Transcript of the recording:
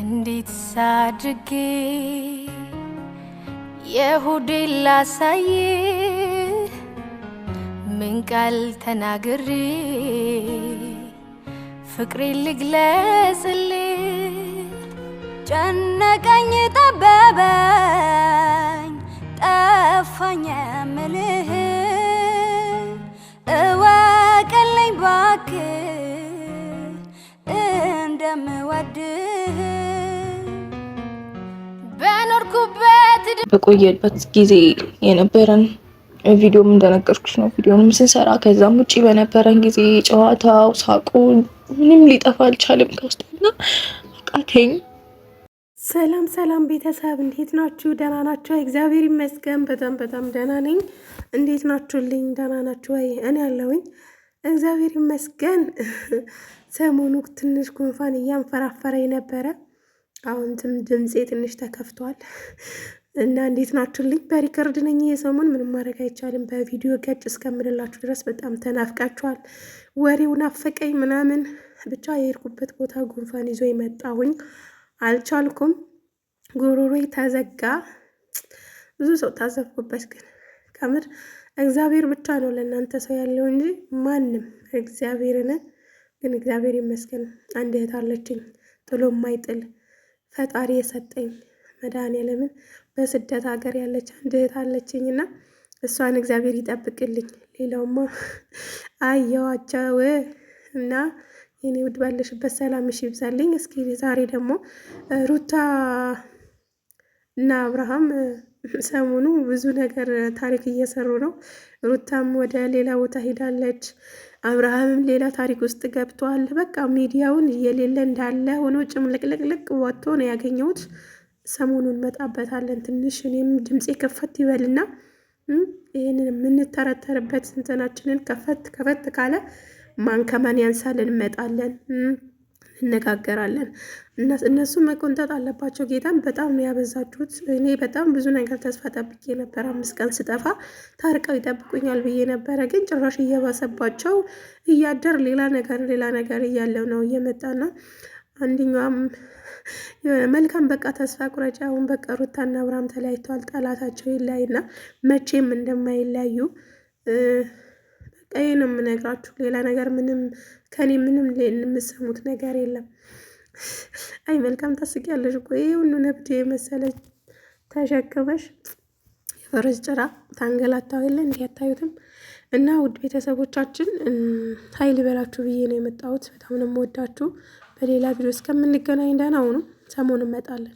እንዴት ሳድጌ የሁዴ ላሳይ ምን ቃል ተናግሬ ፍቅሬ ልግለጽል ጨነቀኝ ጠበበኝ ጠፋኝ የምልህ እወቅልኝ ባክ እንደምወድህ በቆየበት ጊዜ የነበረን ቪዲዮም እንደነገርኩሽ ነው ቪዲዮንም ስንሰራ። ከዛም ውጭ በነበረን ጊዜ ጨዋታው፣ ሳቁ ምንም ሊጠፋ አልቻለም ከውስጥና አቃተኝ። ሰላም ሰላም ቤተሰብ እንዴት ናችሁ? ደህና ናችሁ? እግዚአብሔር ይመስገን በጣም በጣም ደህና ነኝ። እንዴት ናችሁልኝ? ደህና ናችሁ ወይ? እኔ ያለውኝ እግዚአብሔር ይመስገን። ሰሞኑ ትንሽ ጉንፋን እያንፈራፈረ ነበረ። አሁን ድምፄ ትንሽ ተከፍቷል። እና እንዴት ናችሁልኝ? በሪከርድ ነኝ። የሰሞን ምንም ማድረግ አይቻልም። በቪዲዮ ገጭ እስከምልላችሁ ድረስ በጣም ተናፍቃችኋል። ወሬው ናፈቀኝ ምናምን ብቻ የሄድኩበት ቦታ ጉንፋን ይዞ የመጣሁኝ አልቻልኩም። ጉሮሮ ተዘጋ። ብዙ ሰው ታዘብኩበት፣ ግን ከምር እግዚአብሔር ብቻ ነው ለእናንተ ሰው ያለው እንጂ ማንም እግዚአብሔርን ግን እግዚአብሔር ይመስገን አንድ እህት አለችኝ ጥሎ የማይጥል ፈጣሪ የሰጠኝ መድኃኔዓለምን በስደት ሀገር ያለች አንድ እህት አለችኝ እና እሷን እግዚአብሔር ይጠብቅልኝ። ሌላውማ አየዋቸው እና የኔ ውድ ባለሽበት ሰላምሽ ይብዛልኝ። እስኪ ዛሬ ደግሞ ሩታ እና አብርሃም ሰሞኑ ብዙ ነገር ታሪክ እየሰሩ ነው። ሩታም ወደ ሌላ ቦታ ሄዳለች፣ አብርሃምም ሌላ ታሪክ ውስጥ ገብቷል። በቃ ሚዲያውን እየሌለ እንዳለ ሆኖ ጭምልቅልቅልቅ ወጥቶ ነው ያገኘሁት። ሰሞኑን እንመጣበታለን። ትንሽ እኔም ድምፄ ከፈት ይበልና ይህንን የምንተረተርበት ስንተናችንን ከፈት ከፈት ካለ ማን ከማን ያንሳል እንመጣለን፣ እነጋገራለን። እነሱ መቆንጠጥ አለባቸው። ጌታም በጣም ነው ያበዛችሁት። እኔ በጣም ብዙ ነገር ተስፋ ጠብቄ ነበር። አምስት ቀን ስጠፋ ታርቀው ይጠብቁኛል ብዬ ነበረ። ግን ጭራሽ እየባሰባቸው እያደር ሌላ ነገር ሌላ ነገር እያለው ነው እየመጣ ነው አንደኛዋም የሆነ መልካም በቃ ተስፋ ቁረጫ አሁን በቃ ሩታና አብርሃም ተለያይተዋል፣ ጠላታቸው ይለያይና መቼም እንደማይለያዩ በቃ ይሄ ነው የምነግራችሁ። ሌላ ነገር ምንም ከኔ ምንም የምሰሙት ነገር የለም። አይ መልካም ታስቂያለሽ እኮ ይህ ሁሉ ነብድ የመሰለች ተሸክመሽ ፈረስ ጭራ ታንገላታው የለ እንዲህ ያታዩትም እና ውድ ቤተሰቦቻችን ሀይል በላችሁ ብዬ ነው የመጣሁት። በጣም ነው የምወዳችሁ። በሌላ ቪዲዮ እስከምንገናኝ ደህና ሁኑ። ሰሞን እመጣለን።